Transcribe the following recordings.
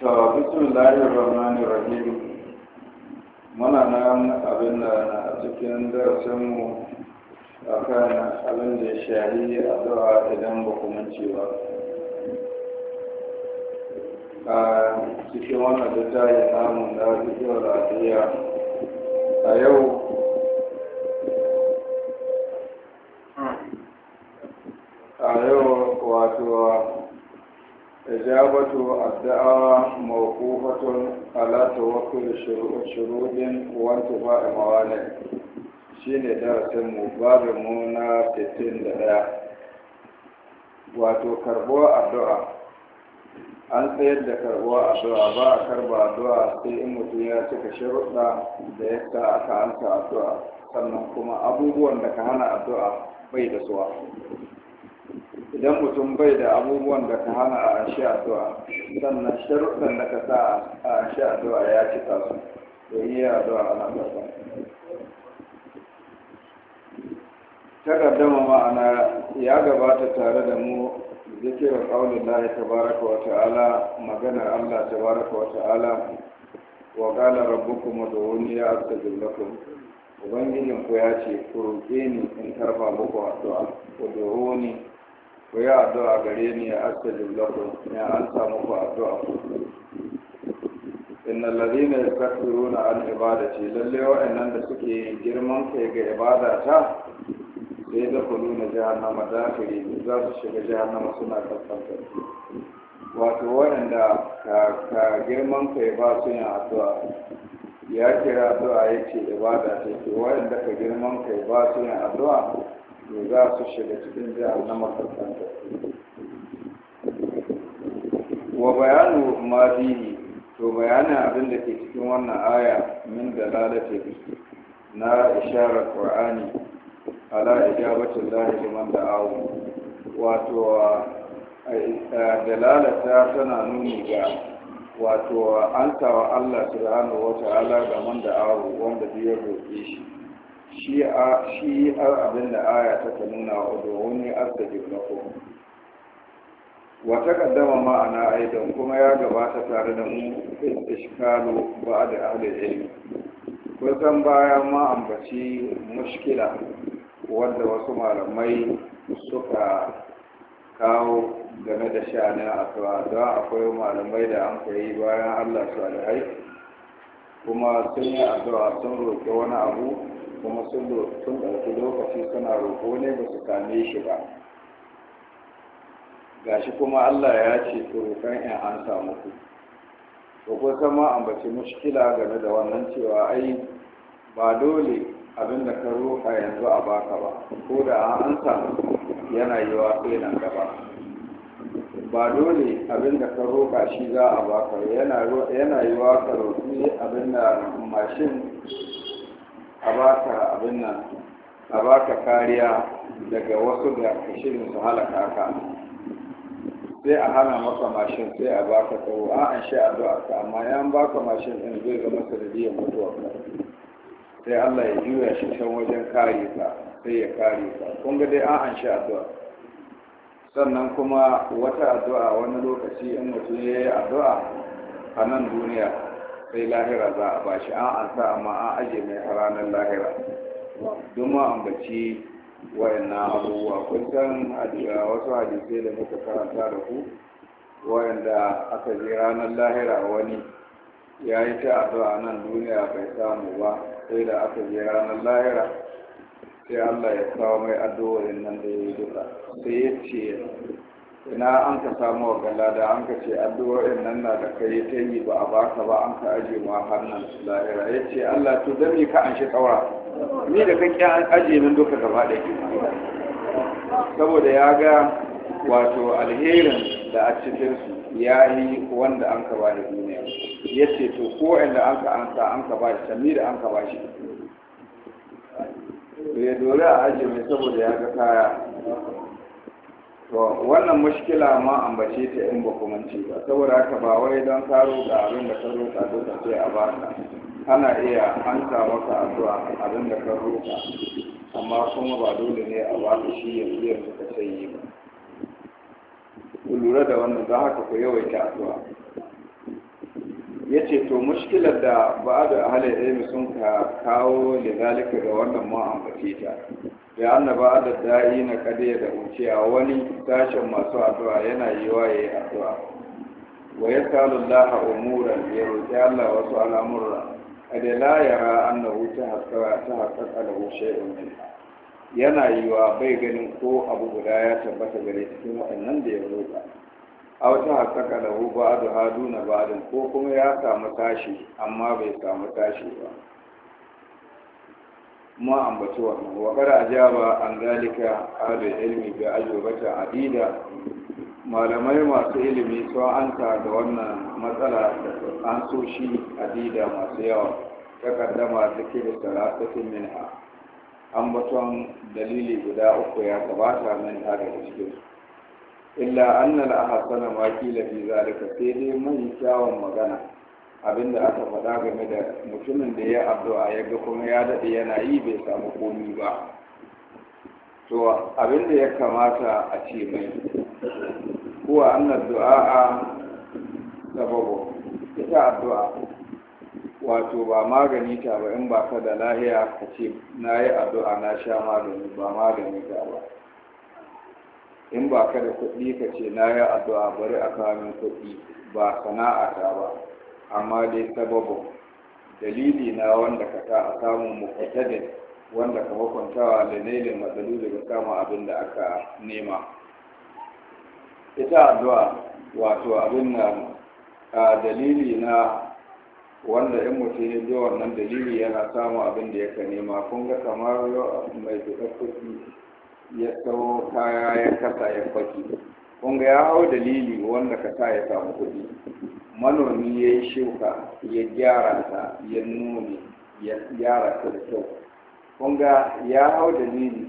to bismillahir rahmanir rahim muna nan abin da a cikin darasinmu a kan abin da ya shari addu'a idan ba ku mance ba a cikin wannan da namu yi cikin rafiya a yau والدعاء موقوفة على توكل شروط وانتفاء موانع shine darasin mu babinmu na 61 wato كربوا addu'a an tsayar da karbuwa addu'a ba a karba addu'a sai in mutum ya cika sharuɗa da ya sa aka hanta addu'a sannan kuma abubuwan da ka hana addu'a bai da suwa idan mutum bai da abubuwan da ka hana a shi addu'a sannan sharuɗan da ka sa a shi addu'a ya cika su da yi addu'a ana karɓa takaddama ma'ana ya gabata tare da mu zikirin ƙaunin lahi tabaraka wa ta'ala maganar allah tabaraka wa ta'ala wa kuma da wani ya lakum ubangijin ku ya ce ku roƙe ni in karfa muku addu'a wani. ku yi addu'a gare ni a astajib lakum ya an samu ku addu'a ku inna allazina yastakbiruna an ibadati lalle wa'annan da suke girman kai ga ibada ta sai da kulu na jahannama dakiri za su shiga jahannama suna kaskanta wato waɗanda ka girman kai ba su yin addu'a ya kira addu'a ya ce ibada ta ke waɗanda ka girman kai ba su yin addu'a to za su shiga cikin jihar jahannama kaskanta wa bayanu ma fihi to bayanin abin da ke cikin wannan aya min dalalati na isharar qur'ani ala ijabatin lahi liman da'awu wato dalalata tana nuni ga wato an tawa Allah subhanahu wa ta'ala ga man da'awu wanda biyar roƙe shi shi har abin aya ta nuna wa ud'uni na lakum Wata kaddama ma'ana aidan kuma ya gabata tare da mu istishkalu da da ilmi kun san baya ma ambaci mushkila wadda wasu malamai suka kawo game da sha'anin asuwa don akwai malamai da an koyi bayan allah su alhai kuma sun yi addu'a sun roƙi wani abu kuma sun ɗauki lokaci suna roƙo ne ba su same shi ba gashi kuma Allah ya ce ku roƙon 'yan an samu ku to ko kama ambaci mushkila game da wannan cewa ai ba dole abin da ka roƙa yanzu a baka ba ko da an samu yana wa sai nan gaba ba dole abin da ka roƙa shi za a baka yana yiwa ka roƙi abin da mashin a baka abin nan a baka kariya daga wasu da shirin su halaka ka sai a hana maka mashin sai a baka tsawo a an sha addu'a ka amma an baka mashin din zai zama jiya mutuwa sai Allah ya juya shi can wajen kare ka sai ya kare ka kun ga dai an an sha addu'a sannan kuma wata addu'a wani lokaci in mutum ya yi addu'a a nan duniya sai lahira za a bashi an an sa amma an aje mai ranar lahira don ma ambaci wayanna abubuwa kun san wasu hadisai da muka karanta da ku wayanda aka je ranar lahira wani ya yi ta addu'a nan duniya bai samu ba sai da aka je ranar lahira sai Allah ya kawo mai addu'o'in nan da ya yi duka sai ya ce ina an ka samu wa da an ka ce addu'o'in nan na da kai ta yi ba a baka ba an ka aje ma hannun su lahira ya ce Allah to dan me ka an shi tsaura ni da kake an aje min duka gaba da saboda ya ga wato alherin da a cikin su ya yi wanda an ka ba da duniya ya ce to ko inda an ka an sa an ka ba shi sami da an ka ba shi ya dole a aje mai saboda ya ga kaya to wannan mushkila ma ambace ta in ba kumanci ba saboda haka ba wai don karo ga abin da ka roƙa ko ka sai a baka ana iya hanta maka addu'a abin da ka roƙa amma kuma ba dole ne a baka shi ya yanzu ka yi ba ku lura da wannan za haka ku yawaita addu'a ya ce to mushkilar da ba da ahalar ilmi sun ka kawo da zalika ga wannan ma ambace ta ya annaba da da'i na kadiya da wuciya wani tashin masu addu'a yana yiwa yayi addu'a wa yasalu Allah umuran ya roki Allah wasu al'amura kada la yara annahu ta haqqaqa ta haqqaqa da shay'un yana yiwa bai ganin ko abu guda ya tabbata gare cikin waɗannan da ya roƙa aw ta haqqaqa lahu ba'du haduna ba'dun ko kuma ya samu tashi amma bai samu tashi ba Kuma ambaci wannan wa ajaba an zalika ahlul ilmi bi ajwabata adida malamai masu ilimi sun anta ga wannan matsala da an so shi adida masu yawa takaddama take da salatin minha ambaton dalili guda uku ya gabata min ha daga cikin illa annal ahsana ma kila fi zalika sai dai mai kyawun magana Abin da aka faɗa game da mutumin da ya addu'a ya ga kuma ya daɗe yana yi bai samu komi ba to abin da ya kamata a ce mai kuwa addu'a du'a sababu ita addu'a wato ba magani ta ba in ba ka da lahiya ka ce na yi addu'a na sha magani ba magani ta ba in ba ka da kuɗi ka ce na yi addu'a bari a kawo min kuɗi ba sana'a ta ba amma dai sababu dalili na wanda ka ta a samun muƙaddadin wanda ka hukuntawa da nailin matsalu daga samun abin da aka nema ita addu'a wato abin nan, a dalili na wanda in mutum ya je wannan dalili yana samun abin da yaka nema kun ga kamar mai fitar ya tsawo kaya ya kasa ya kwaki kunga ya hau dalili wanda ka sa ya samu kuɗi manomi ya yi shuka ya gyara ta ya nome ya gyara ta da kyau kunga ya hau dalili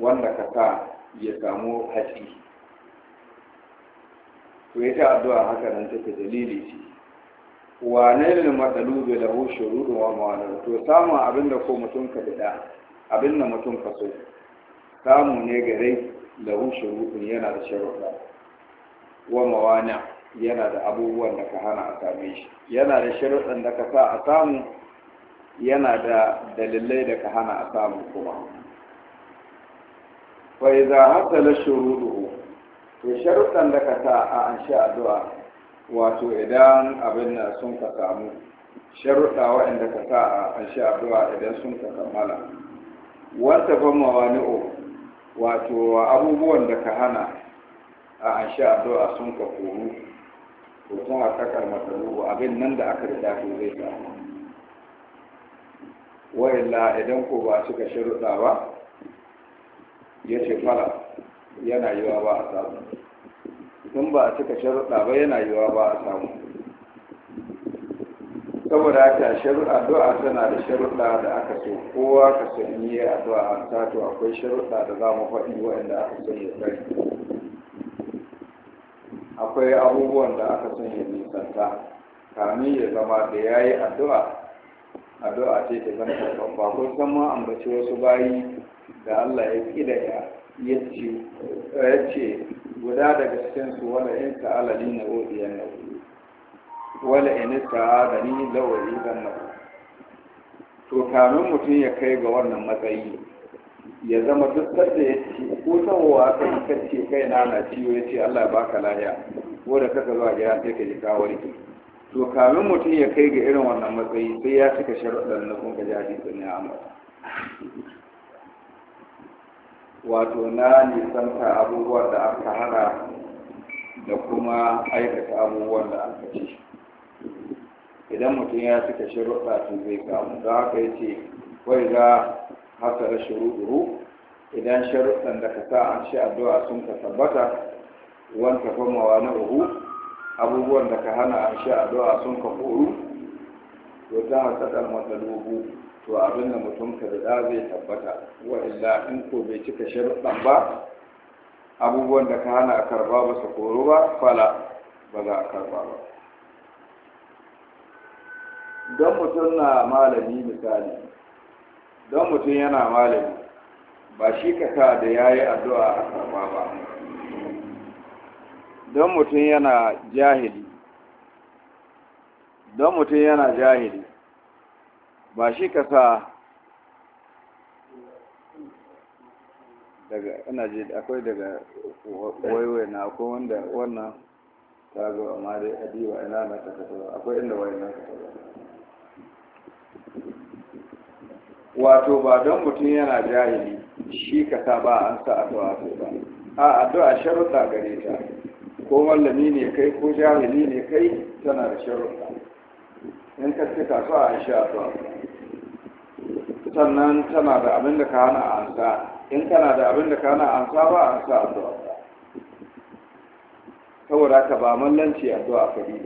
wanda ka sa ya samu hatsi to ya ta addu'a haka nan take dalili ce wa nailul da hushe rudu wa ma'ana to samun abin da ko mutum ka bida abin da mutum ka so samu ne gare lahu shurutun yana da sharuɗa wa mawani yana da abubuwan da ka hana a same shi yana da sharuɗan da ka sa a samu yana da dalilai da ka hana a samu kuma fa idza hasala shuruduhu to sharuɗan da ka sa a an sha addu'a wato idan abin na sun ka samu sharuɗa waɗanda ka sa a an sha addu'a idan sun ka kammala wata ban mawani'u wato abubuwan da ka hana a an sha addu'a sun ka koru to sun haƙaƙar matsalubu abin nan da aka rida to zai samu wa'illa idan ko ba ka sharuɗa ba ya ce fara yana yiwa ba a samu tun ba a cika sharuɗa ba yana yiwa ba a samu saboda haka sharuɗa addu'a tana da sharuɗa da aka so kowa ka san in yi addu'a an tato akwai sharuɗa da za mu faɗi waɗanda aka so ya sani akwai abubuwan da aka san ya nisanta kamin ya zama da ya yi addu'a addu'a ce ta zan karɓar ba ko san ma ambaci wasu bayi da Allah ya ƙidaya ya ce guda daga cikinsu wala in ta'ala na odiyan na wala inista adani lawali na to kamin mutum ya kai ga wannan matsayi ya zama duk da ya ce ko tawowa kai kace kai na na ciwo ya ce Allah baka lahiya ko da kaka zuwa gida sai ka ji ka warke to kamin mutum ya kai ga irin wannan matsayi sai ya cika sharuɗan na kun gaji hadisin ya amma wato na nisanta abubuwan da aka hana da kuma aikata abubuwan da aka ci idan mutum ya cika shirruɗa su zai kamu don haka ya ce wai za haka da shuru idan shirruɗan da ka sa an shi addu'a sun ka tabbata wanda famawa na uhu abubuwan da ka hana an shi addu'a sun ka koru to ta a saɗar matsalubu to abin da mutum ka da zai tabbata wa illa in ko bai cika shirruɗan ba abubuwan da ka hana a karba ba su koro ba fala ba za a karba ba don mutum na malami misali don mutum yana malami ba shi kaka da ya yi addu'a a karba ba don mutum yana jahili don mutum yana jahili ba shi kasa daga ina ji akwai daga waiwai na akwai wanda wannan ta zo amma dai adiba ina na ta akwai inda waiwai na ta wato ba don mutum yana jahili shi ka sa ba an sa addu'a ko ba a addu'a sharuɗa gare ta ko mallami ne kai ko jahili ne kai tana da sharuɗa in ka cika so a sha addu'a sannan tana da abin da ka hana an sa in kana da abin da ka hana an sa ba an sa addu'a saboda ka ba mallanci addu'a ka ba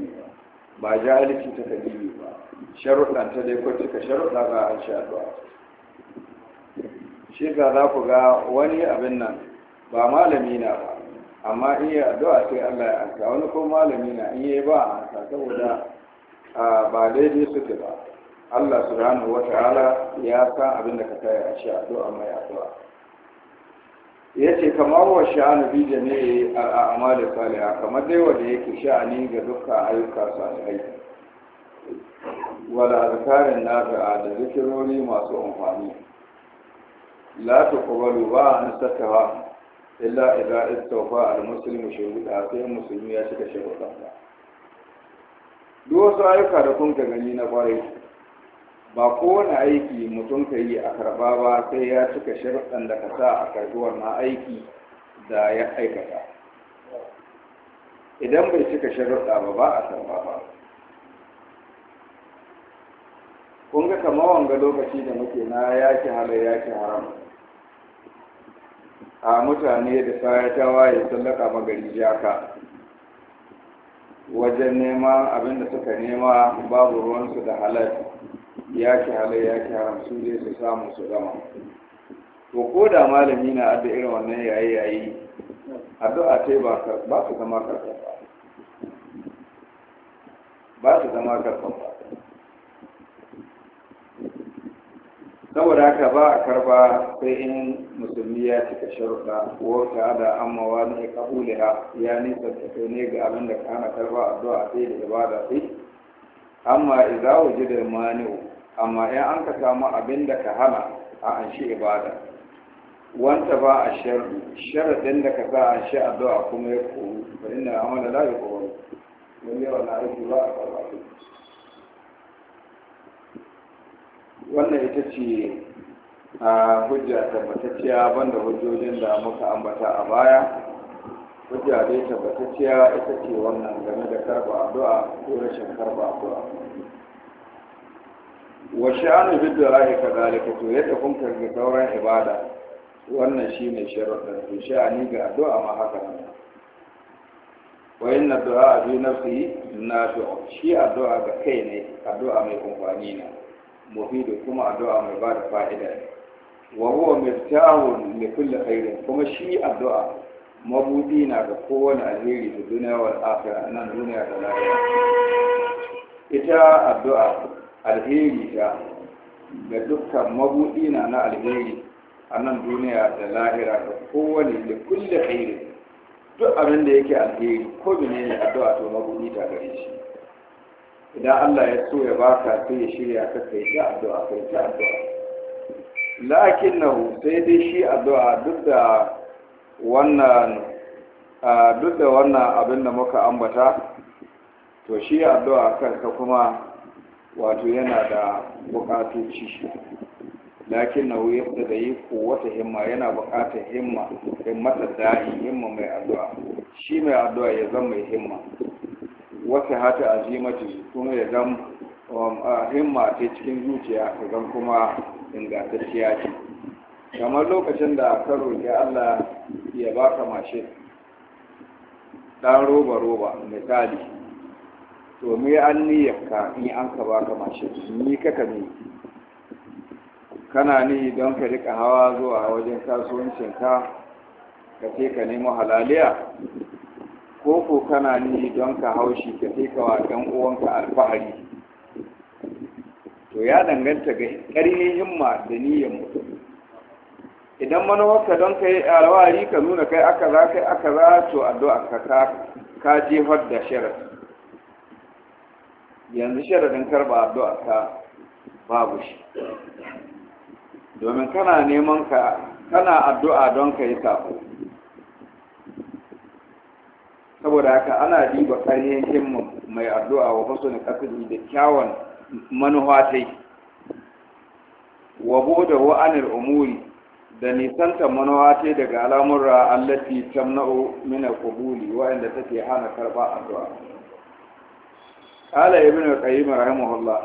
ba jahilci ta bi ba sharuɗan ta dai ko cika sharuɗa ba an sha addu'a shi ka za ku ga wani abin nan ba malami na ba amma in yi addu'a sai Allah ya ansa wani ko malami na in yi ba a ansa saboda ba daidai suke ba Allah rana wata ta'ala ya san abin da ka kaya a shi addu'a mai addu'a ya ce kamar wa sha'anu bi a al'amali saliha kamar dai wanda yake sha'ani ga dukkan ayyuka salihai wala azkarin nafi'a da zikirori masu amfani لا تقبل ba ان sakawa illa اذا استوفى المسلم muslimu في المسلم musulmi ya cika دو ba duk wasu ayyuka da kun gani na kwarai ba kowane aiki mutum ka yi a karba ba sai ya cika sharuɗan da ka sa a karbi wannan aiki da ya aikata idan bai cika sharuɗa ba ba a karba ba kun ga kama wanga lokaci da muke na yaki halar yaki haram a mutane da sayatawa ya sallaka magari jaka wajen nema abinda suka nema babu ruwansu da halal ya ki halal ya ki haram su dai su samu su gama to ko da malami na adda irin wannan yayi yayi addu'a ce ba ba su zama karfafa ba su zama karfafa saboda haka ba a karba sai in musulmi ya cika sharuɗa ko ta da amma wani ya kabuliha ya nisa ta kai ne ga abin da ka hana karba addu'a sai da ibada sai amma idza wujida mani'u amma in an ka samu abin da ka hana a anshi ibada wanta ba a sharri sharadin da ka sa an shi addu'a kuma ya koru fa inna amala la yuqbalu wani na aiki ba a karba wannan ita ce a hujja tabbatacciya banda hujjojin da muka ambata a baya hujja dai tabbatacciya ita ce wannan game da karba addu'a ko rashin karba addu'a wa sha'anu biddu'a ka zalika to yadda kun karbi sauran ibada wannan shi ne sharuɗin to sha'ani ga addu'a ma haka nan wa inna du'a na nafsi nafi'u shi addu'a ga kai ne addu'a mai amfani ne mufidu kuma addu'a mai ba da fa'ida wa huwa miftahun li kulli khairin kuma shi addu'a mabudi na ga kowane alheri da duniya wal akhirah nan duniya da lahira ita addu'a alheri ta ga dukkan mabudi na na alheri a nan duniya da lahira ga kowane da kulle khairin duk abin da yake alheri ko bine ne addu'a to mabudi ta gare shi idan Allah ya so ya baka sai ya shirya ka kai ta addu'a kai ta addu'a na sai dai shi addu'a duk da wannan duk da wannan abin da muka ambata to shi addu'a kanka kuma wato yana da bukatoci lakin na wuyar da da yi wata himma yana bukatar himma himmatar dahi himma mai addu'a shi mai addu'a ya zama mai himma wata hata azimati kuma ya zam um, himma ta cikin zuciya ta zan kuma ingantacciya ce kamar lokacin da ka roƙi Allah ya baka mashin ɗan roba roba misali to me an niyyarka in an ka baka mashin ni kaka ne kana ni don ka rika hawa zuwa wajen kasuwancinka ka ce ka nemo halaliya Koko kana ni don ka haushi ka sai ka wa ɗan uwanka alfahari to ya danganta ga ƙarfin himma da niyyar mutum idan ka don ka yi alwari ka nuna kai aka za kai aka za to addu'a ka ka jefar da shara. yanzu sharadin karba addu'a ka babu shi domin kana neman ka kana addu'a don ka yi sako saboda haka ana diba ainihin himmin mai addu'a wa na qasdi da kyawun manufa tai wa boda wa anil umuri da nisanta manufa tai daga al'amura allati tamna'u min al-qubuli wa'anda ke hana karba addu'a qala ibnu qayyim rahimahullah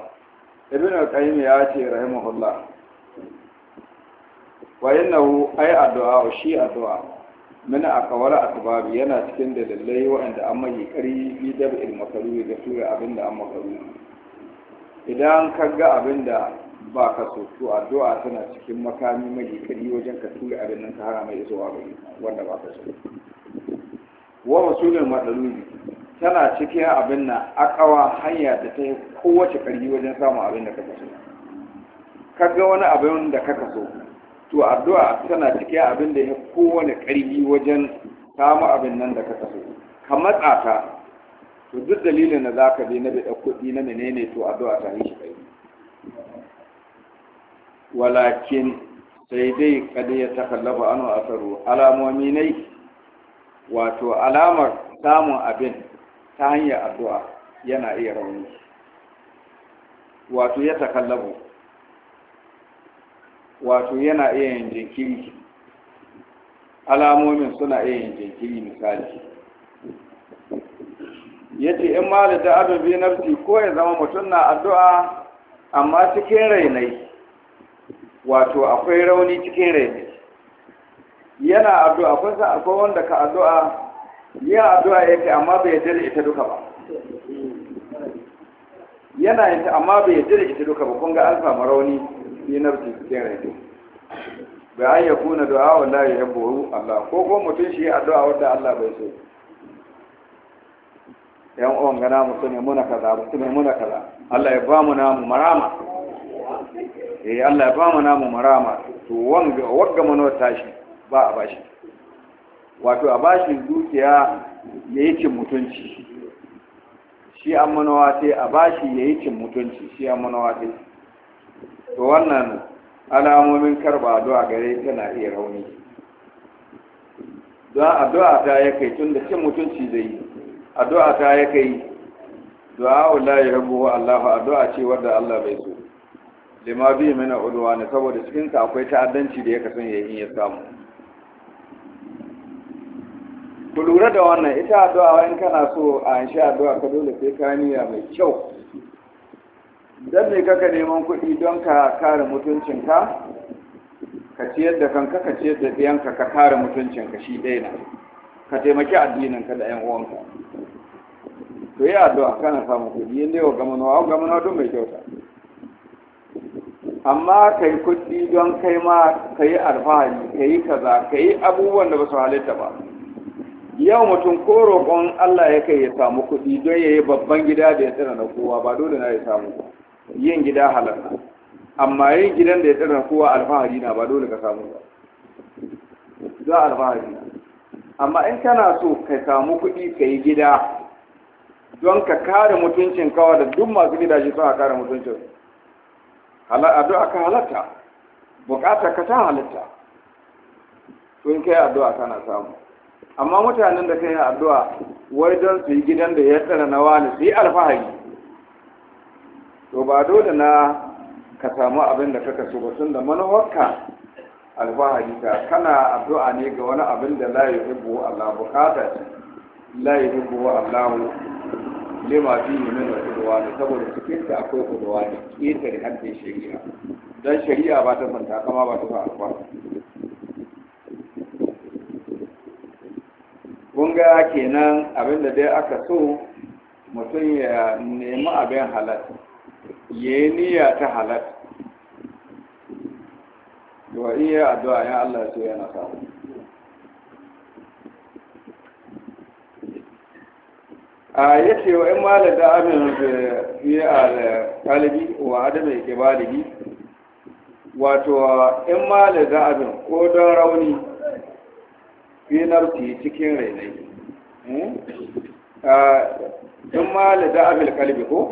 ibnu qayyim ya ce rahimahullah wa innahu ay addu'a shi addu'a mina a kawar asbabi yana cikin dalilai waɗanda an mai ƙari fi dab il makaru ga tura abin da an makaru idan ka ga abin da ba ka so to addu'a tana cikin makami mai ƙari wajen ka tura abin nan ka hana mai isowa ga wanda ba ka so wa rasulul madalubi tana cikin abin a akawa hanya da ta yi kowace ƙarfi wajen samun abin da ka so ka ga wani abin da ka so to addu'a tana cike abin da ya kowane ƙarfi wajen samu abin nan da ka tafi ka matsa ta to duk dalilin da za ka bi na biɗa kuɗi na menene to addu'a ta yi shi ƙarfi walakin sai dai kada ya takallaba a asaru alamomi ne wato alamar samun abin ta hanyar addu'a yana iya rauni wato ya takallabu wato yana iya yin jinkiri alamomin suna iya yin jinkiri misali ya ce in mali da abin fi ko ya zama mutum na addu'a amma cikin rainai wato akwai rauni cikin rainai yana addu'a kun san akwai wanda ka addu'a ya addu'a yake amma bai yarda da ita duka ba yana yin amma bai yarda da ita duka ba kun ga an samu rauni fi nafsi cikin rai bai an ya kuna du'a wallahi ya boru Allah ko ko mutum shi addu'a wanda Allah bai so yan uwan gana mu sune muna kaza mu muna kaza Allah ya ba mu namu marama eh Allah ya ba mu namu marama to wanga wagga mana tashi ba a bashi wato a bashi dukiya yi cin mutunci shi an manowa sai a bashi yi cin mutunci shi an manowa sai to wannan alamomin karba addu'a gare tana iya rauni don addu'a ta ya kai tun da cin mutunci zai yi addu'a ta ya kai du'a la ya rabu wa Allahu addu'a ce wadda Allah bai so lima bi mana ulwa ne saboda cikin ta akwai ta'addanci da ya kasan ya yi ya samu ku lura da wannan ita addu'a in kana so a yanshi addu'a ka dole sai ka niyya mai kyau don ne kaka neman kuɗi don ka kare mutuncinka ka ciyar da kanka ka ciyar da ɗiyanka ka kare mutuncinka shi ɗaya na ka taimaki addininka da 'yan uwanka to yi addu'a kana samun kuɗi yin lewa wa gamanawa don mai kyauta amma ka yi kuɗi don kai ma ka yi alfahari ka yi kaza ka yi abubuwan da ba su halitta ba yau mutum ko roƙon Allah ya kai ya samu kuɗi don ya yi babban gida da ya tsira na kowa ba dole na ya samu ba yin gida halarta amma yin gidan da ya tsara kowa alfahari na ba dole ka samu ba za alfahari na amma in kana so ka samu kuɗi ka yi gida don ka kare mutuncin kawa da duk masu gidaje suna kare mutuncin addu'a ka halatta bukata ka ta halatta to in kai addu'a kana samu amma mutanen da kai addu'a wai don su yi gidan da ya tsara na wani su yi alfahari to ba dole na ka samu abin da kaka so ba tun da manuwarka alfahari ta kana addu'a ne ga wani abin da layi yuhibbu Allah bukata ce la yuhibbu Allah ma fi min al ne, saboda cikin ta akwai udwan ƙetare haddin shari'a Don shari'a ba ta manta kama ba ta fa alfa kunga kenan abin da dai aka so mutum ya nemi abin halal ya yi niyya ta halar wa iya addu'a ya Allah sai yana samu a ya ce wa ‘yan malar da amin fiye a talibi wa adama ke balibi wato in malar da abin ko don rauni fiye narki cikin rainai hmm? in malar da abin kalbi ko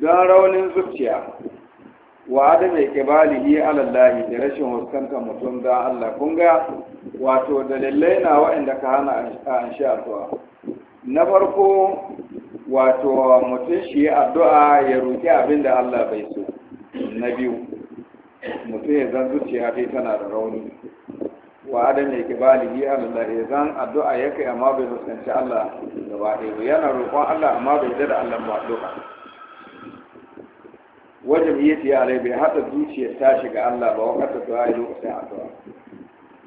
don raunin zuciya wa adama kibalihi alallahi da rashin huskantar mutum da Allah kunga wato wato dalilai na waɗanda ka hana a shi addu'a na farko wato mutum shi yi addu'a ya roƙi abin da Allah bai so na biyu mutum ya zan zuciya dai tana da rauni wa ke ya kibalihi alallahi ya zan addu'a ya kai amma bai huskanci Allah gaba ɗaya yana roƙon Allah amma bai da Allah ba addu'a wajen yi ta bai haɗa zuciyar ta shiga Allah ba wakata da ya lokacin addu'a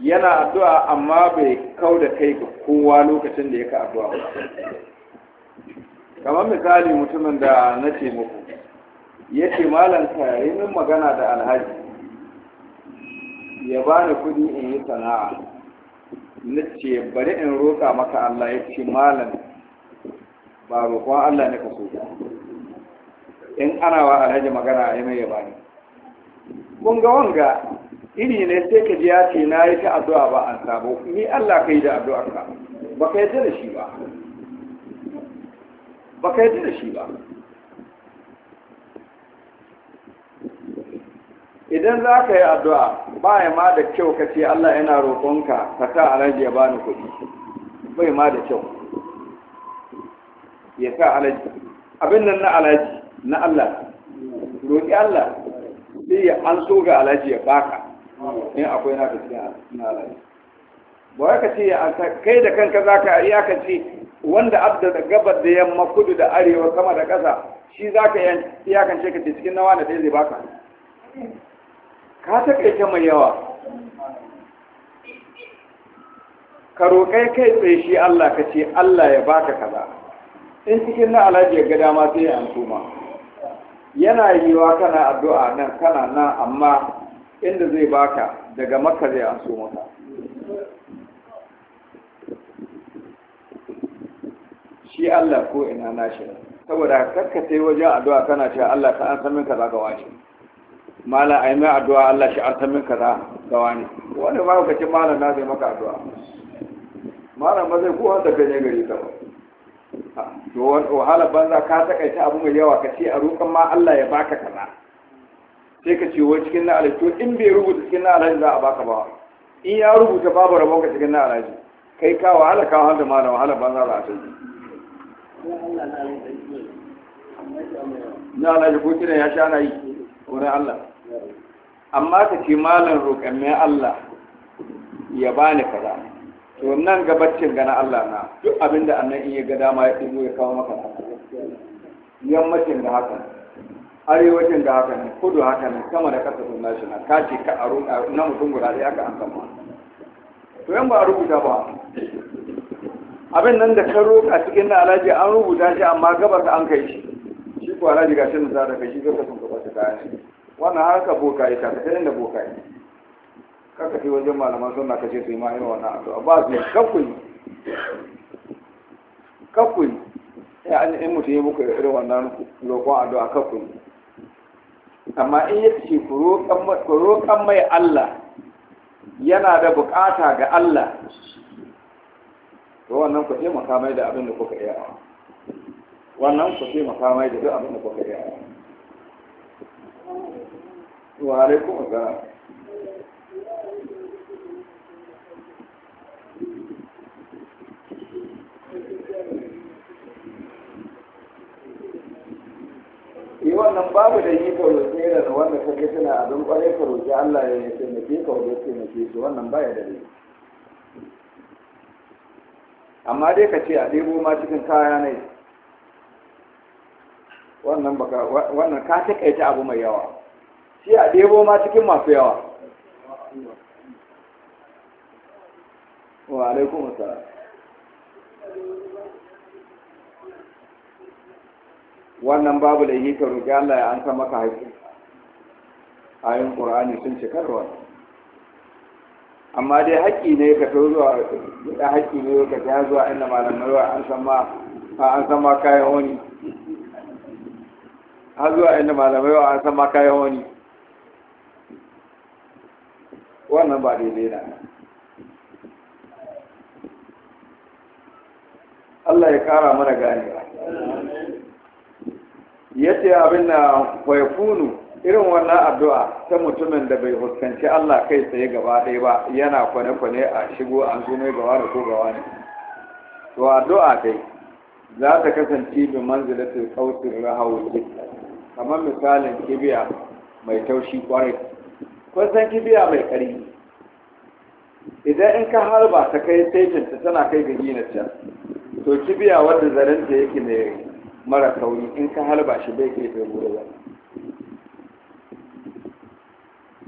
yana addu'a amma bai kau da kai ga kowa lokacin da yake addu'a kamar misali mutumin da na ce muku ya ce malam ya yi min magana da alhaji ya bani kuɗi in yi sana'a na ce bari in roƙa maka Allah ya ce malam ba roƙon Allah ne ka so in ana wa alhaji magana a yi mai ne. kun ga wanga iri ne sai ka ji ya ce na yi ta addu'a ba an sabo ni Allah ka yi da addu'ar ka ba ka yi da shi ba ba ka yi da shi ba idan za ka yi addu'a ba ya ma da kyau ka ce Allah yana roƙonka ka ta alhaji ya bani kuɗi bai ma da kyau ya sa alhaji abin nan na alhaji na Allah roƙi Allah sai ya an so ga alhaji ya baka in akwai na gaskiya na alhaji ba wai ka ce kai da kanka za ka iya ka ce wanda abda da gabar da yamma kudu da arewa sama da ƙasa shi za ka ce ka ce cikin nawa da ɗaya zai baka ka taƙaita mai yawa ka roƙai kai tsaye shi Allah ka ce Allah ya baka kaza in cikin na alhaji ya ga dama sai ya an suma yana yiwa kana addu'a nan kana nan amma inda zai baka daga maka zai an so maka shi Allah ko ina nashi saboda kakka sai wajen addu'a kana cewa Allah ka an san min kaza gawa shi mala ai mai addu'a Allah shi an san min kaza gawa ne. wani ma kace malam na zai maka addu'a malam ba zai kowa da kai gari ka ba to wahala banza ka takaita abu mai yawa ka ce a roƙon ma Allah ya baka kaza sai ka ce wai cikin na to in bai rubuta cikin na alaji za a baka ba in ya rubuta babu rabon ka cikin na alaji kai ka wahala ka wahala ma da wahala banza za a canji na alaji ko kina ya sha na yi wurin Allah amma ka ce malam roƙon mai Allah ya bani kaza to nan gabacin gana Allah na duk abin da annan in ya ga dama ya ɗigo ya kawo maka yammacin da haka arewacin da haka ne kudu haka ne sama da ƙasa sun nashi na kace ka aro na mutum guda da aka an sama to yan ba a rubuta ba abin nan da ka roƙa cikin na alaji an rubuta shi amma gabas an kai shi shi ko alaji ga shi da za ta kai shi zai ka sun ta kaya ne wannan haka boka ya ta ta da boka ya kaka fi wajen malaman suna kace su yi ma irin wannan addu'a ba su kakkuli kakkuli ya an in mutum ya muku irin wannan roƙon addu'a kakkuli amma in ya ce ku roƙan mai Allah yana da buƙata ga Allah to wannan ku taimaka mai da abin da kuka iya wannan ku taimaka mai da duk abin da kuka iya wa alaikum assalam yi wannan babu da yi ka roƙi da wanda ka ga tana abin ƙwarai ka roƙi Allah ya yi taimake ka wajen taimake shi wannan baya da ne amma dai ka ce a ɗebo ma cikin kaya ne wannan baka wannan ka taƙaita abu mai yawa shi a ɗebo ma cikin masu yawa wa alaikum assalam wannan babu da yi ka roƙi Allah ya ansa maka haƙƙi ayin ƙur'ani sun ce karwa amma dai haƙƙi ne ka to zuwa da haƙƙi ne ka ta zuwa inda malamai wa an san ma an san ma kayan wani har zuwa inda malamai wa an san ma kayan wani wannan ba daidai na Allah ya ƙara mana ganewa yace abin na wayfunu irin wannan addu'a ta mutumin da bai fuskanci Allah kai tsaye gaba ɗaya ba yana kwane-kwane a shigo an zume gaba gawa da ko gawa ne to addu'a dai za ta kasance bi manzilatul qawsir rahawu kamar misalin kibiya mai taushi kwarai ko san kibiya mai ƙari idan in ka harba ta kai ta tana kai ga can to kibiya wanda ta yake mai mara kauri in ka halba shi bai kai kai gure ba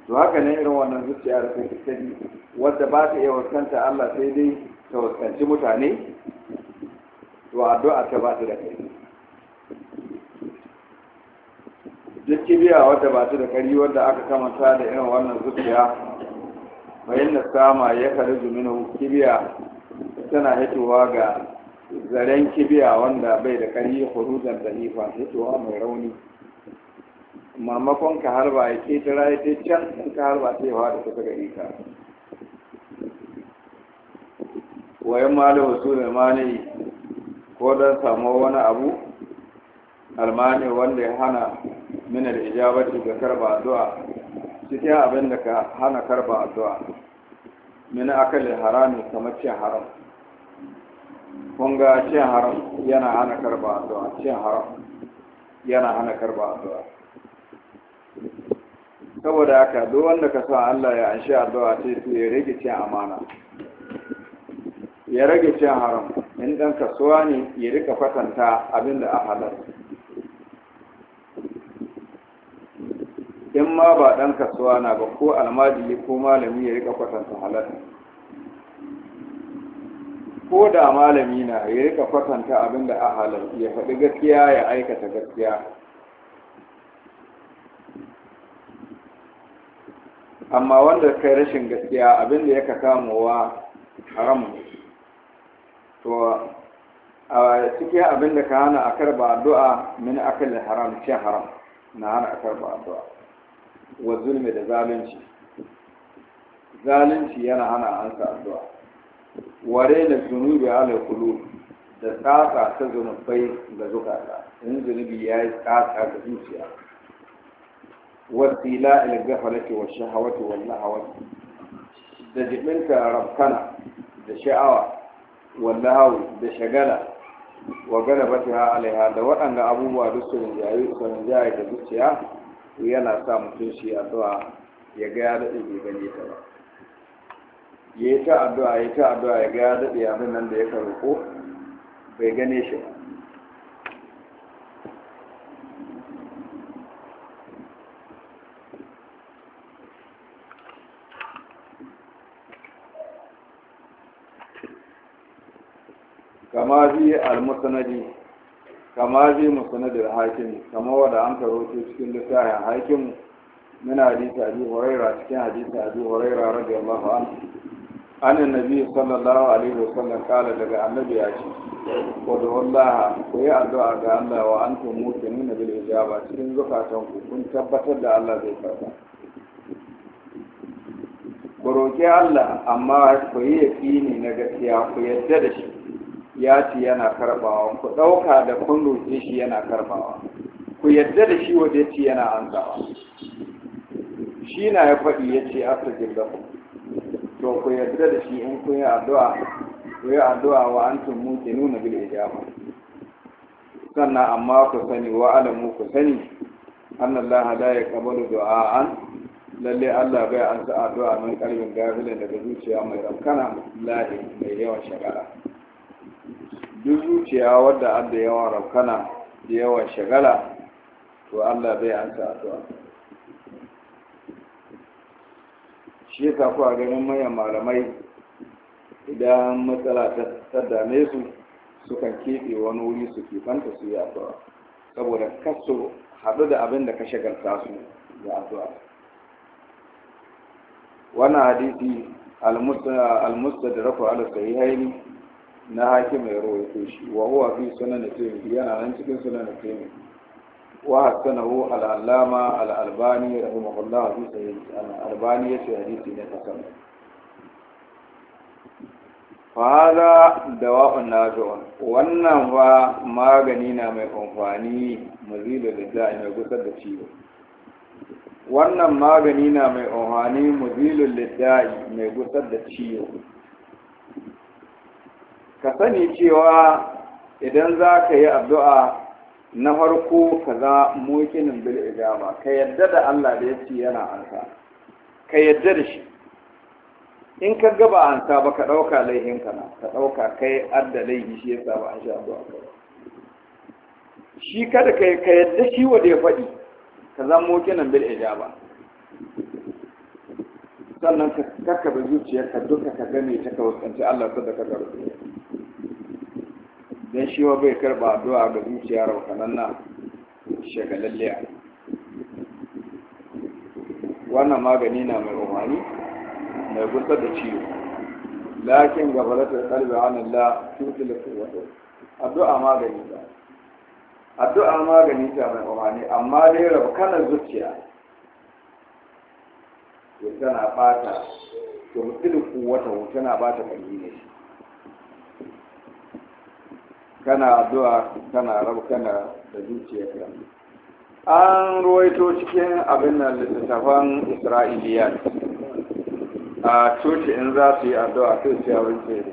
to haka ne irin wannan zuciya da kai kai wadda ba ta iya wakanta Allah sai dai ta wakanci mutane to addu'a ta ba ta da kai duk kibiya wadda ba ta da kari wadda aka kamanta da irin wannan zuciya bayan da sama ya kare juminu kibiya tana hitowa ga zaren kibiya wanda bai da ƙarfi hurujan da ifa hitowa mai rauni mamakon ka ba ya ke tara ya can in ka harba ta yawa da kusa ga ika wayan ma da mani ko don samu wani abu almani wanda ya hana mina da ijabati ga karba addu'a cikin abin da ka hana karba addu'a mina akalin harami kamar ce haram kunga ga cin haram yana hana karba addu'a cin haram yana hana karba addu'a saboda haka duk wanda ka sa Allah ya anshi addu'a ce su ya rage cin amana ya rage cin haram in dan kasuwa ne ya rika kwatanta abin da a halal in ma ba dan kasuwa na ba ko almajiri ko malami ya rika kwatanta halal ko da malami na ya rika kwatanta abin da ahalar ya faɗi gaskiya ya aikata gaskiya amma wanda kai rashin gaskiya abin da ya ka kamowa haram to a cikin abin da ka hana a karba addu'a min akalin haram cin haram na hana a karba addu'a wa zulmi da zalunci zalunci yana hana ansa addu'a ware na zunubi ala kulu da tsatsa ta zunubai ga zukata in zunubi ya yi tsatsa ga zuciya wasila ilgafalati wa shahawati wa lahawati da jibinta rafkana da sha'awa wa hawu da shagala wa ta alaiha da waɗanda abubuwa duk su rinjaye su rinjaye da zuciya yana sa mutum shi a zuwa ya ga ya daɗe bai gane ta ba ya yi ta addu'a ya ta addu'a ya gaya ya daɗe abin nan da ya karɓo bai gane shi ba kama fi almusanadi kama fi musanadin hakim kama wadda an karoto cikin littafin hakim muna hadisi abu horaira, cikin hadisi horaira, huraira radiyallahu anhu an annabi sallallahu alaihi wasallam kala daga annabi ya ce wa wallaha ku yi addu'a ga Allah wa antum muqinun bil ijaba cikin zukatan ku kun tabbatar da Allah zai karba ku roƙi Allah amma ku yi yaƙini na gaskiya ku yadda da shi ya ce yana karbawa ku ɗauka da kun roƙe shi yana karbawa ku yadda da shi waje ce yana anzawa shi na ya faɗi ya ce asirgin lakum to ku yarda da shi in kun yi addu'a ku yi addu'a wa antum muqinuna bil ijaba sannan amma ku sani wa alamu ku sani annallaha la yaqbalu du'aan lalle Allah bai an sa addu'a min kalbin gafilin daga zuciya mai rankana lahi mai yawan shagala duk zuciya wadda adda yawan rankana da yawan shagala to Allah bai an sa addu'a shi yasa kuwa ganin manyan malamai idan matsala ta dame su sukan kefe wani wuri su kifanta su yi addu'a saboda kar haɗu da abin da ka shagalta su da addu'a Wani hadisi al-mustadraku yi haini na hakim ya rawaito shi wa huwa fi sunan tirmidhi yana nan cikin sunan tirmidhi وحسنه العلامة الألباني رحمه الله في صحيح الألباني في حديث حسن فهذا دواء نافع wannan fa magani na mai da wannan magani na mai amfani muzilu lillahi mai gusar da ciwo ka sani cewa idan za ka yi addu'a na farko kaza mokinin bil ijaba ka yadda da Allah da yace yana ansa ka yadda da shi in ka gaba ansa ba ka dauka laihin ka na ka dauka kai adda laihi shi yasa ba an sha ka shi kada ka ka yadda shi da ya faɗi ka zama mokinin bil ijaba sannan ka kakkabe zuciyarka duka ka gane ta ka wasanci Allah sadaka ka rubuta don shi wa bai karba addu'a ga zuciya raukananna shagalalliya wannan magani na mai umarni mai gusar da ciwo lakin gabalatar kalbi da Allah tutul wato addu'a magani ta addu'a magani ta mai umarni amma dai kana zuciya to tana bata to mutul kuwata tana bata kalbi ne kana addu'a kana rabu kana da zuciyarka an ruwaito cikin abin nan littattafan isra'iliya a coci in za su yi addu'a sai su yawon tsere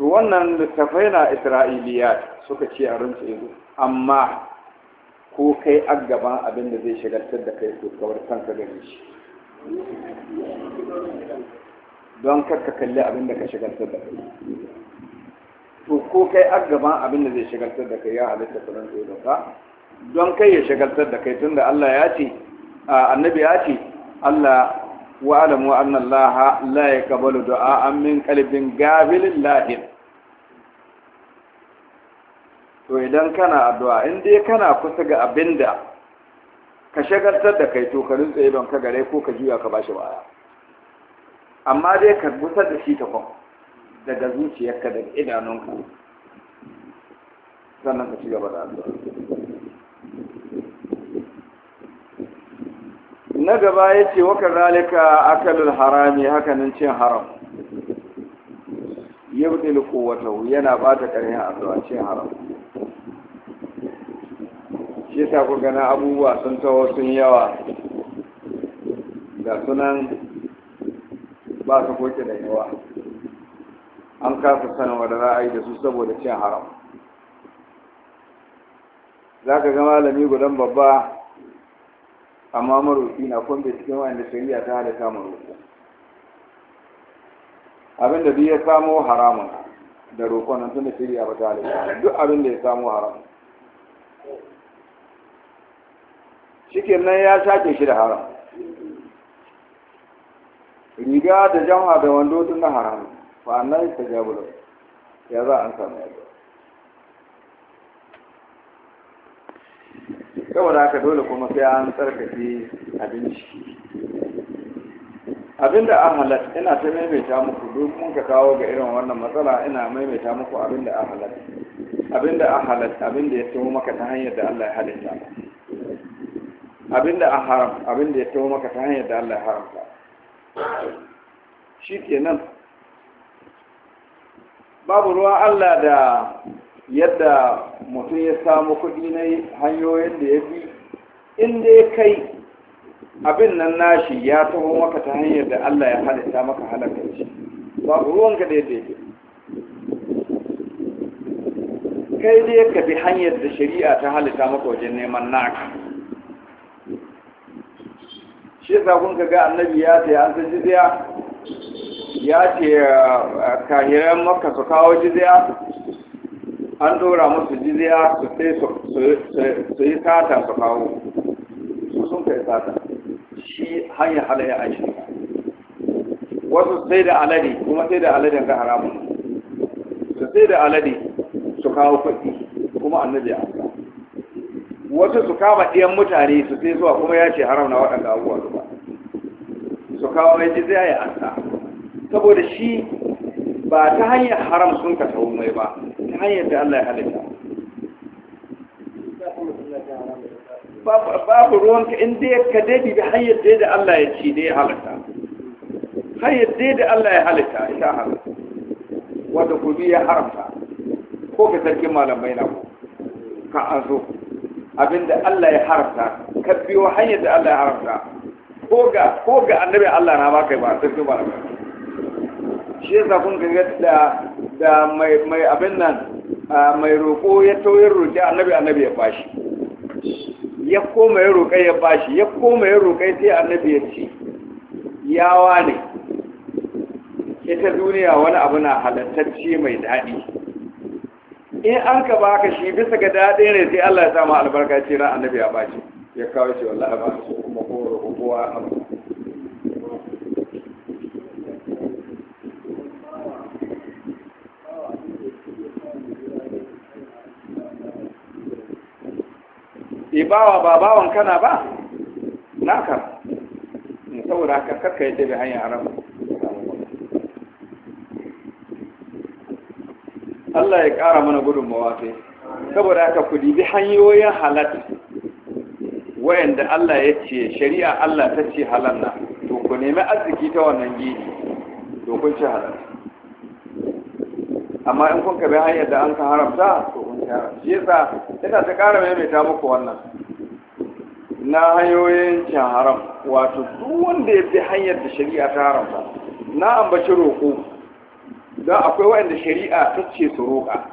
to wannan littattafai na isra'iliya suka ce a rinse amma ko kai a gaban abin da zai shagaltar da kai ko kawar kanka gare shi don karka kalli abin da ka shagaltar da kai to ko kai a gaban abin da zai shagaltar da kai ya halitta kuran tsaye doka don kai ya shagaltar da kai tun da Allah ya ce annabi ya ce Allah wa alamu anna Allah la kabalu du'a min kalbin gabilin lahin to idan kana addu'a in dai kana kusa ga abinda ka shagaltar da kai to ka yi don ka gare ko ka juya ka bashi baya amma dai ka gusar da shi ta kwan daga zuciyarka daga idanunka sannan ka ci gaba da addu'a na gaba ya ce waka zalika akalul harami hakanin cin haram yabdil quwwatahu yana bata a addu'a cin haram shi ta ku abubuwa sun taho sun yawa ga sunan ba su koke da yawa an kafa sanin wadda ra'ayi da su saboda cin haram za ka ga malami gudan babba amma maroƙi na kwanbe cikin da shari'a ta halitta maroƙi abin da biyu ya samo haramun da roƙon nan tunda shari'a ba ta halitta duk abin da ya samo haram shikin nan ya shaƙe shi da haram riga da jama'a da wando tun na haram fa annan ta jabulo ya za an samu yadda saboda haka dole kuma sai an tsarkake abinci abinda an halatta ina ta maimaita muku duk mun ka kawo ga irin wannan matsala ina maimaita muku abinda an halatta abinda an halatta abinda ya taho maka ta hanyar da Allah ya halitta abinda an haram abinda ya taho maka ta hanyar da Allah ya haramta shi kenan babu ruwan allah da yadda mutum ya samu kuɗi na hanyoyin da ya fi inda ya kai abin nan nashi ya taho maka ta hanyar da allah ya halitta maka halakar shi babu ruwanka da yadda ya kai dai ka bi hanyar da shari'a ta halitta maka wajen neman naka shi ya sa kun ga annabi ya ta an san ya? ya ce kahiran maka su kawo jiziya an dora musu jiziya su sai su yi sata su kawo su sun kai sata shi hanyar halaye a shi wasu sai da alade kuma sai da aladen ga haramun su sai da alade su kawo kuɗi kuma annabi a wasu su kama ɗiyan mutane su sai zuwa kuma ya ce haram na waɗanda abubuwa su kawo mai jiziya ya ansa saboda shi ba ta hanyar haram sun ka tawo mai ba ta hanyar da Allah ya halitta babu ruwan ruwanka in dai ka daidai da hanyar dai da Allah ya ci dai ya halitta hanyar dai da Allah ya halitta ita halitta Wadda gobe ya haramta ko ka sarki malamai na ku ka an so abinda Allah ya haramta ka biyo hanyar da Allah ya haramta ko ga ko ga annabi Allah na ba kai ba sarki malamai shi yasa kun ga da da mai mai abin nan mai roƙo ya tauyin nabi annabi annabi ya bashi ya koma ya roƙai ya bashi ya koma ya roƙai sai annabi ya ce yawa ne ita duniya wani abu na halattacce mai daɗi in an ka baka shi bisa ga daɗi ne sai Allah ya sa albarka ce ran annabi ya bashi ya kawo shi wallahi ba su kuma ko roƙo ko a bawa ba bawan kana ba naka ne eh, saboda haka karka yadda bai hanyar haram Allah ya ƙara mana gudunmawa sai saboda haka ku dibi hanyoyin halatta wayanda Allah ya ce shari'a Allah ta ce halal na to ku nemi arziki ta wannan gini to kun ci halal amma in kun ka bi hanyar da an ka haramta to kun ci haram shi yasa ina ta ƙara maimaita muku wannan na hanyoyin cin haram wato duk wanda ya bi hanyar da shari'a ta haramta na ambaci roƙo don akwai waɗanda shari'a ta ce su roƙa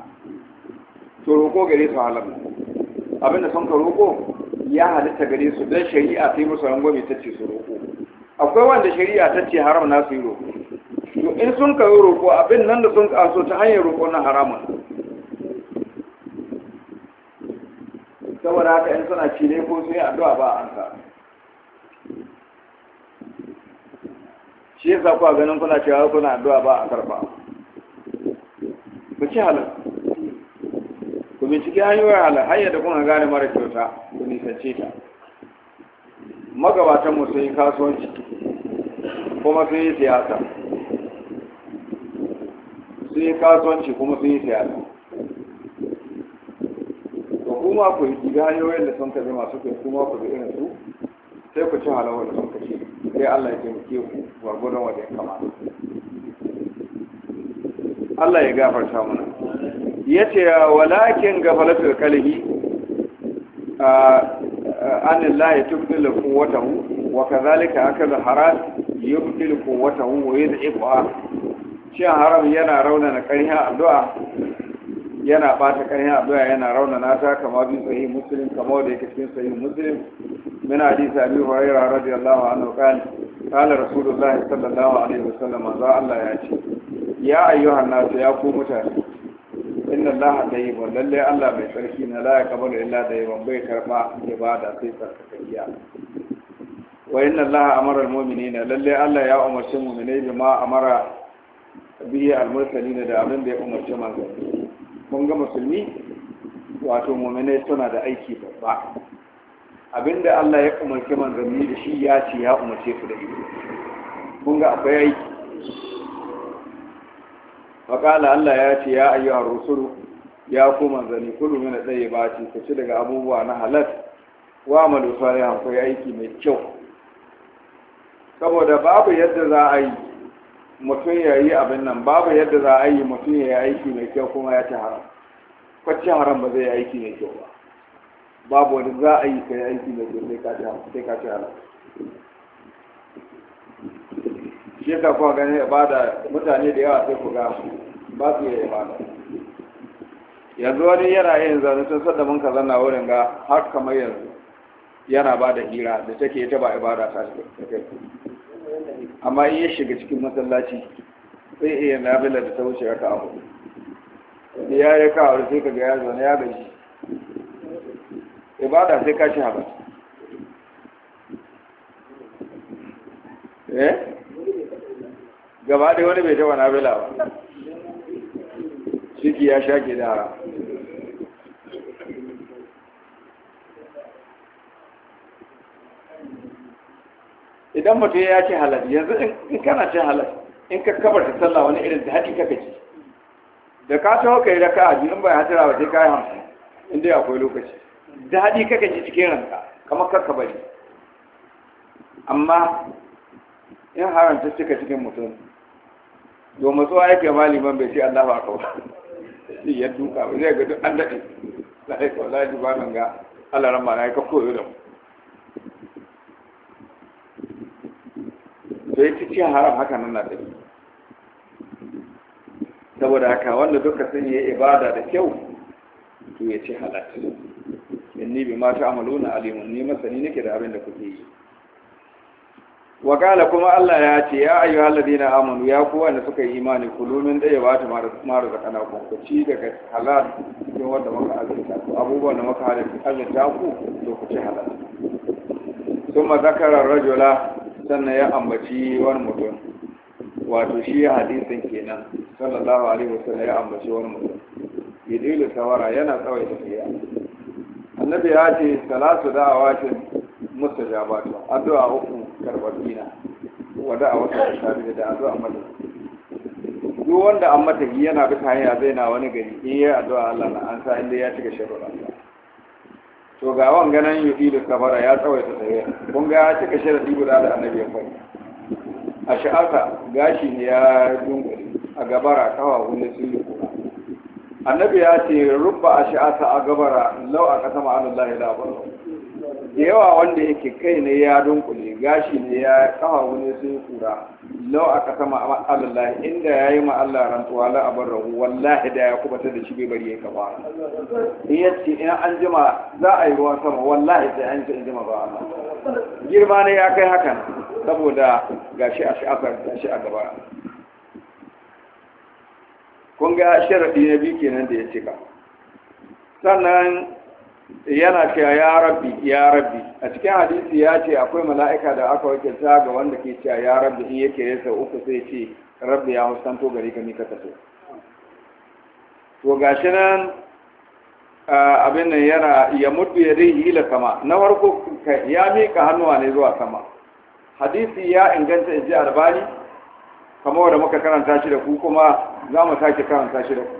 su roƙo gare su halar abinda sun ka roƙo ya halitta gare su don shari'a ta yi musu rangwame ta ce su roƙo akwai wa'anda shari'a ta ce haram na su yi roƙo to in sun ka yi roƙo abin nan da sun ka so ta hanyar roƙo na haramun saboda haka in suna cire ko sun yi addu'a ba an sa shi yasa ku ganin kuna cewa kuna addu'a ba a karba ku ci halin ku bincike hanyoyin halal hanyar da kuna gane mara kyauta ku nisance ta magabatan mu sun yi kasuwanci kuma sun yi siyasa sun yi kasuwanci kuma sun yi siyasa kuma ku yi hanyoyin da sun kaje masu kai kuma ku bi irin su sai ku ci halawar da sun kashe sai Allah ya taimake ku gwargwadon wanda ya kamata Allah ya gafarta mana ya ce walakin gafalatul kalbi an la ya tubdil quwwatahu wa kadhalika akal haram yubdil quwwatahu wa yad'ifu shi haram yana raunana ƙarfin addu'a yana bata karhin addu'a yana raunana ta kama bin sahih muslim kama da yake cikin sahih muslim min hadisi abi hurairah radiyallahu anhu kan qala rasulullahi sallallahu alaihi wasallam za Allah ya ce ya ayyuhan nas ya ku mutane inna allaha tayyibun lalle Allah mai tsarki na la yaqbalu illa tayyiban bai karba ibada sai tsarkakiya wa inna allaha amara almu'minina lalle Allah ya umarci mu'minai bima amara bihi almursalin da abin da ya umarci manzanni mun ga musulmi wato muminai suna da aiki babba abinda Allah ya umarci manzanni da shi ya ce ya umarce ku da ido mun ga akwai aiki faƙala Allah ya ce ya ayyuhar rusulu ya ku manzanni kullu min tsaye ba ce ku ci daga abubuwa na halal wa amalu salihan akwai aiki mai kyau saboda babu yadda za a yi mutum ya yi abin nan babu yadda za a yi mutum ya yi aiki mai kyau kuma ya ci haram kwacin haram ba zai yi aiki mai kyau ba babu wani za a yi ka yi aiki mai kyau sai ka ci haram shi yasa gani ganin ibada mutane da yawa sai ku ga ba su yi ibada yanzu wani yana yin zanen sun sadda mun ka zanna wurin ga har kamar yanzu yana ba da hira da take ita ba ibada ta kai amma in ya shiga cikin masallaci sai iya nafila da ta wuce raka abu da ya yi kawar sai ka ga ya zaune ya gaji ibada sai kashi ci haɓa eh gaba dai wani bai taɓa nafila ba ciki ya sha ke da idan mutum ya ce halal yanzu in kana ce halal in ka kabar ta sallah wani irin daɗi kaka ji da ka taho yi da ka in bai hatira ba sai ka yi hamsin inda akwai lokaci haɗi kaka ji cikin ranka kamar kakka bari amma in haranta cika cikin mutum domin tsawa yake maliman bai ce Allah ba kawai shi ya duka ba zai ga duk an daɗe la haika ba nan ga na yi ka koyo da mu da ya ci cin haram haka nan na tafi saboda haka wanda duka sun yi ibada da kyau to ya ci halal inni bi ma ta'maluna alimun ni masani nake da abin da kuke yi wa kala kuma Allah ya ce ya ayu alladina amanu ya kuwa wanda suka yi imani kulumin da ya ba ta mara zakana ku ku ci daga halal cikin wanda muka azurta ku abubuwan da muka halatta azurta ku to ku ci halal ثم ذكر الرجل sannan ya ambaci wani mutum wato shi ya hadisin kenan sallallahu alaihi wasallam ya ambaci wani mutum yidilu sawara yana tsawai tafiya annabi ya ce salatu da ce musta jabatu addu'a uku karbatina wa da'awa ta tabi da addu'a mata duk wanda an mata yana bisa hanya zai na wani gari in yi addu'a Allah na an sa inda ya cika sharuɗa to ga wan ganan yufi da kabara ya ta tsaye kun ga ya cika sharadi guda da annabi ya faɗi a sha'aka gashi ne ya dunkule a gabara kawahu ne sun yi kuma annabi ya ce rubba a sha'aka a gabara lau a kasama anallahi labarai da yawa wanda yake kai ne ya dunkule gashi ne ya kawo wani sun kura lau aka sama Allah inda ya yi ma Allah rantsuwa la rahu wallahi da ya kubata da shi bai bari ya kaba in ya ce in an jima za a yi ruwan sama wallahi sai an ce in jima ba Allah girma ne ya kai hakan saboda gashi a sha'afar gashi a gaba kun ga sharadi na biyu kenan da ya cika sannan yana cewa ya rabbi ya rabbi a cikin hadisi ya ce akwai mala'ika da aka wakilta ga wanda ke cewa ya rabbi in yake yasa uku sai ce rabbi ya huskanto gare ka ni ka tafi to gashi nan abin nan yana ya mutu ya dai ila sama na farko ya mika hannuwa ne zuwa sama hadisi ya inganta in ji albani kamar da muka karanta shi da ku kuma za mu sake karanta shi da ku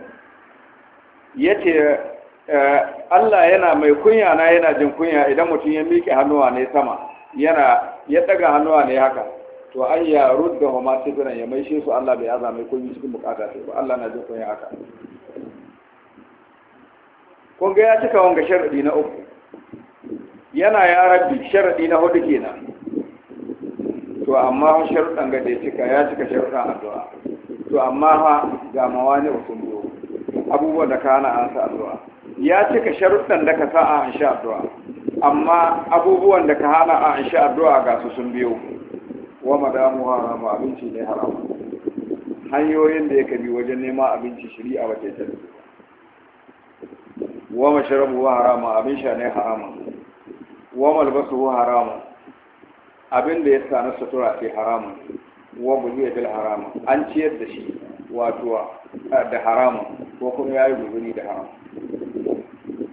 yace Eh, Allah yana mai kunya na yana jin kunya idan mutum ya miƙe hannuwa ne sama yana ya daga hannuwa ne haka to an ya rudda wa masu ya maishe su Allah bai azama mai kunya cikin bukata sai ba Allah na jin kunya haka kun ga ya cika wanga sharadi na uku yana ya rabbi sharadi na hudu kenan to amma sharuɗan ga da ya cika ya cika sharuɗan addu'a to amma ha ga mawani sun abubuwan da kana an sa addu'a ya cika sharuɗan da ka sa a hanshi addu'a amma abubuwan da ka hana a hanshi addu'a ga su sun biyo wa madamu harama abinci ne harama hanyoyin da ya kabi wajen neman abinci shari'a wace ta wa masharabu wa harama abin sha ne harama wa malbasu wa harama abin da ya sa na sutura ke harama wa buliya harama an ciyar da shi wato da haramun ko kuma ya yi guzuri da haramu.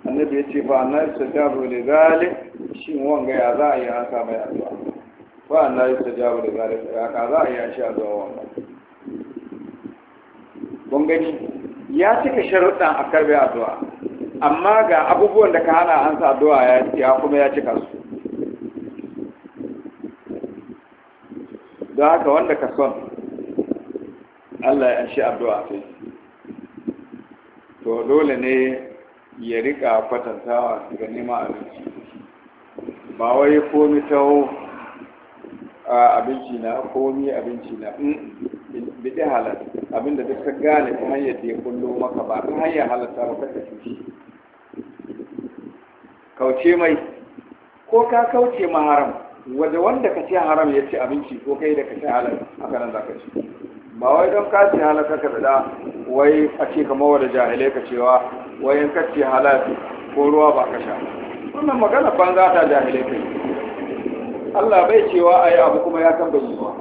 annabi ya ce fa annabi su jabu da zale. shi wanga ya za a yi an mai addu'a fa annabi su jabu da zale. ya ka za a yi an shi addu'a wanga kun gani ya cika sharuɗan a karbe addu'a amma ga abubuwan da ka hana an sa addu'a ya kuma ya cika su don haka wanda ka son Allah ya shi addu'a sai to dole ne ya rika kwatantawa ga neman abinci ba wai komi ta abinci na komi abinci na mm, biɗi halatta abinda duk ka gane ta hanyar da ya kullo maka ba ta hanyar halatta ba kaka shi kauce mai ko ka kauce ma haram wanda wanda ka ce haram ya ce abinci ko kai da ka ce halal haka nan za ka ci ba wai don ka ce halaka ka da wai a ce kamar da jahilai ka cewa wai in ka ce halal ko ruwa ba ka sha wannan magana banza ta jahilai kai Allah bai cewa a yi abu kuma ya kan bai yiwa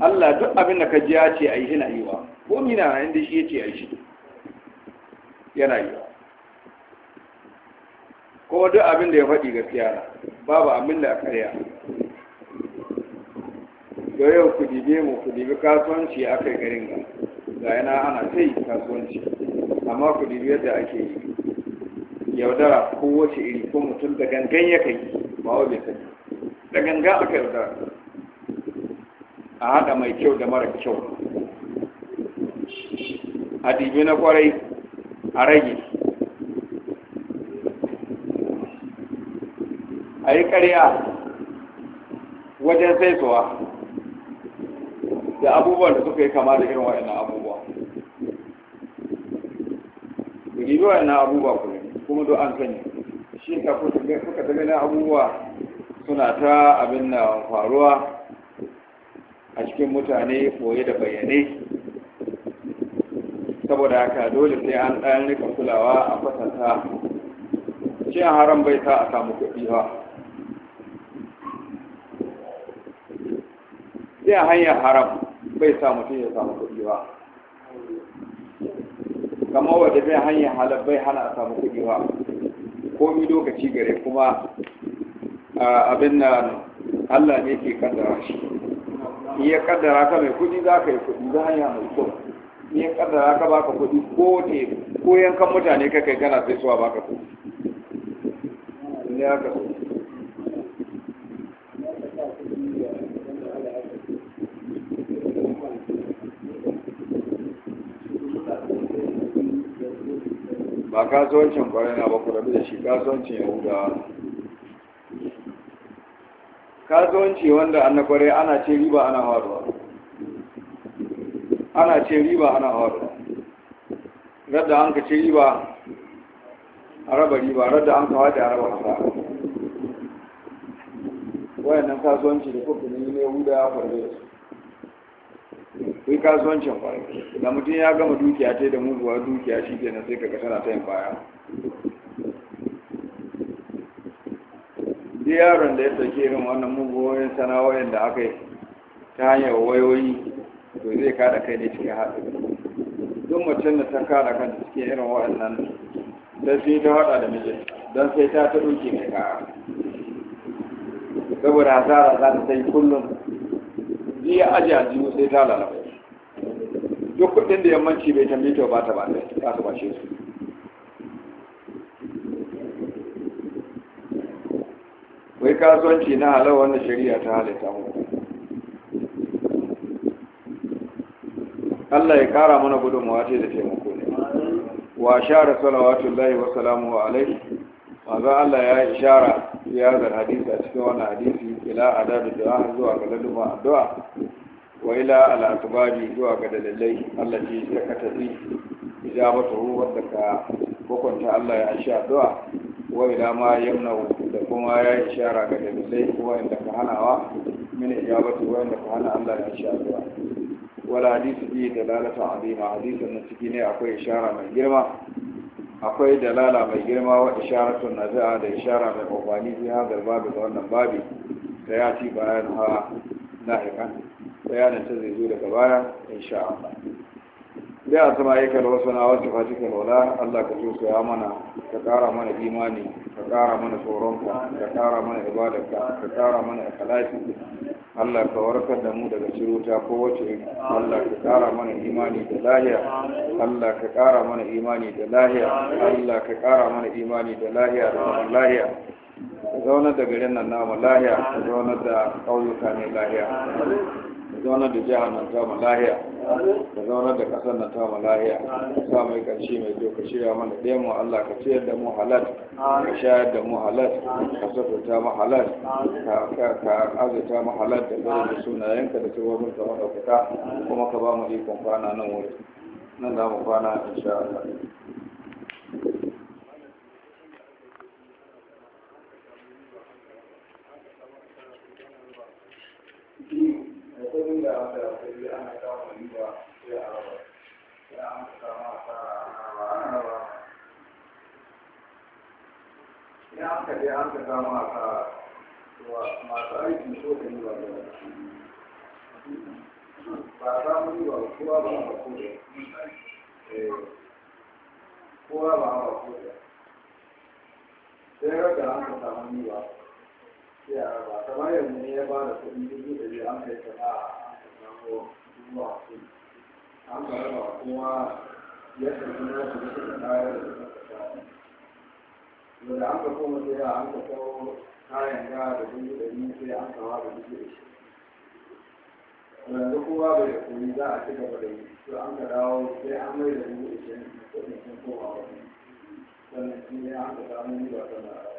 Allah duk abin da ka ji ya ce yi yana yiwa ko mina na inda shi ya ce a yi shi yana yiwa ko duk abin da ya faɗi gaskiya babu abin da a karya da yau ku dibe mu ku dibi kasuwanci a kai garin ga ga yana ana sai yi kasuwanci amma ku dibi yadda ake yi yaudara ko wace iri ko mutum da gangan ya kai ba wa bai da gangan aka yaudara a haɗa mai kyau da mara kyau a dibi na kwarai a rage a yi ƙarya wajen saisuwa da abubuwan da suka yi kama da irin waɗannan abubuwa da yi waɗannan abubuwa kuma kuma do an sani shi ka kuka zama na abubuwa suna ta abin na faruwa a cikin mutane koye da bayyane saboda haka dole sai an ɗayan rika kulawa a kwatanta cin haram bai sa a samu kuɗi ba sai hanyar haram bai sa mutum ya samu kuɗi ba kamar wadda bai hanyar halar bai hana a samu kuɗi ba komi lokaci gare kuma abin na Allah ne ke kaddara shi in ya kaddara ka mai kuɗi za ka yi kuɗi za hanya mai kyau in ya kaddara ka baka kuɗi ko te ko yankan mutane ka kai kana sai suwa baka kuɗi ne aka so kasuwancin kwarina ba ku rabu da shi kasuwancin yahudawa kasuwanci wanda an na kwarai ana ce riba ana haruwa ana ce riba ana haruwa radda an ka ce riba a raba riba radda an kawai da a raba hasa wayannan kasuwanci da kuka ne yahudawa da su ku yi kasuwancin kwarai da mutum ya gama dukiya ta da muguwa dukiya shi kenan sai ka tana ta yin baya duk yaron da ya sake irin wannan muguwa sana'o'in da aka yi ta hanyar wayoyi to zai kada kai ne cikin haɗari duk mutum da ta kada kan cikin irin waɗannan da sai ta haɗa da mijin don sai ta ta ɗauki mai kaya saboda hasara za ta sai kullum ya ajiye a jiwu sai ta lalaba duk kudin da yammanci bai ba ta ba ta ba ta ba shi su wai kasuwanci na halar wanda shari'a ta halitta mu Allah ya kara mana gudunmawa ce da taimako ne wa shara salawatullahi wa salamu alaihi manzo Allah ya ishara ya zar hadisi a cikin wannan hadisi ila adadu da zuwa ga laduma addu'a wa ila al'atubabi zuwa ga dalilai Allah ji ta ka tafi ijabatu da ka hukunta Allah ya ashe addu'a wa ila ma yamna da kuma ya yi shara ga dalilai kuma inda ka hanawa min ijabatu wa inda ka hana Allah ya ashe addu'a wal hadisi bi dalalata azima hadisin nan ciki ne akwai ishara mai girma akwai dalala mai girma wa isharatun nazi'a da ishara mai amfani biya da babu da wannan babi ta ya ci bayan ha na hikan bayanin ta zai zo daga baya insha Allah da a sama yake da wasu na wasu fati ka lola Allah ka so ya mana ka kara mana imani ka kara mana tsoronka ka kara mana ibadarka ka kara mana ikhlasi Allah ka warkar da mu daga shiruta ko wace Allah ka kara mana imani da lahiya Allah ka kara mana imani da lahiya Allah ka kara mana imani da lahiya da lahiya ka zaunar da garin nan namu lahiya ka zaunar da ƙauyuka ne lahiya zaunar da jihar nan ta malahiya ka zaunar da kasar nan ta malahiya sa mai karshe mai kyau ka shirya mana ɗaya mu Allah ka ciyar da mu halal ka shayar da mu halal ka ta mu halal ka azuta mu halal da zai da yanka da tsohon da maɗaukaka kuma ka ba mu ikon kwana nan wuri nan za mu kwana insha Allah Thank you. da kudin da aka kudi ana samun riba sai a raba sai an samu asara ana raba ina an je an ka samu asara masu aikin so da riba da ba samun riba kowa ba a koda eh, kowa ba a koda sai raka an ka samu riba ba kamar yanzu ne ya ba da kuɗi dubu da biyu an kai a a ka raba kuma ya karfi da da sai kayan da biyu sai da shi yanzu kowa bai da kuɗi za a ci gaba da yi to an ka dawo sai an mai da dubu da kuɗin sun koma wani sannan shi ne an ka samu yi sana a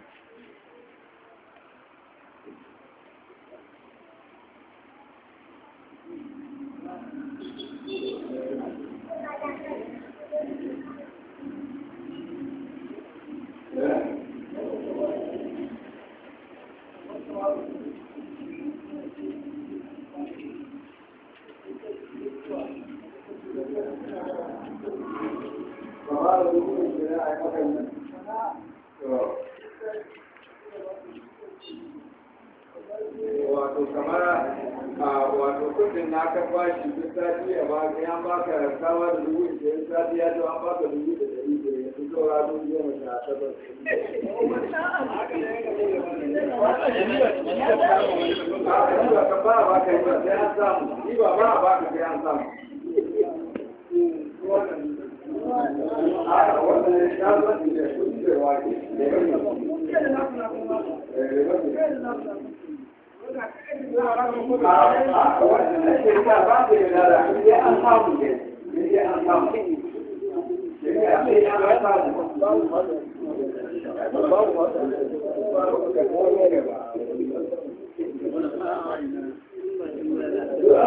samu ni ba ba ba ka sai samu a wannan ya a b'a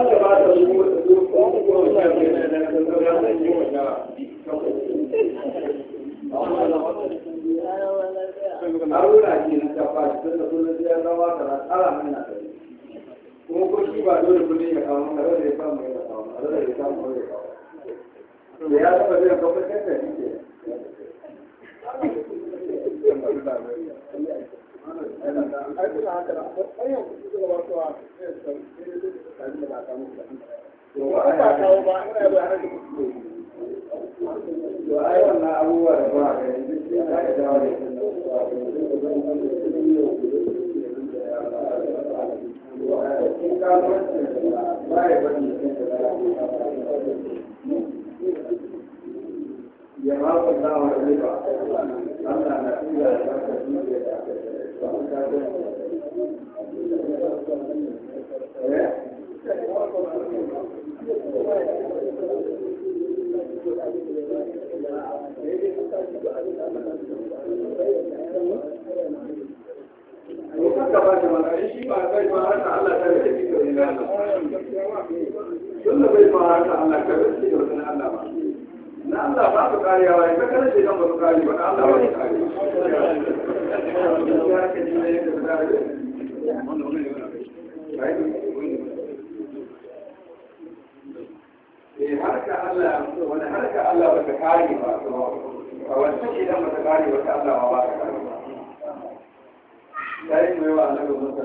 Thank you. ya ma kwanta wa riba Allah na da Allah ta rasu da wani Allah ba. na Allah ba su kariya ba ita kana ce dan ba su kariya ba Allah ba su kari eh, wani harka Allah ba ta kare ba a ce idan ba ta kare ba Allah ba ba ta kare ba. Ta yi mai wa Allah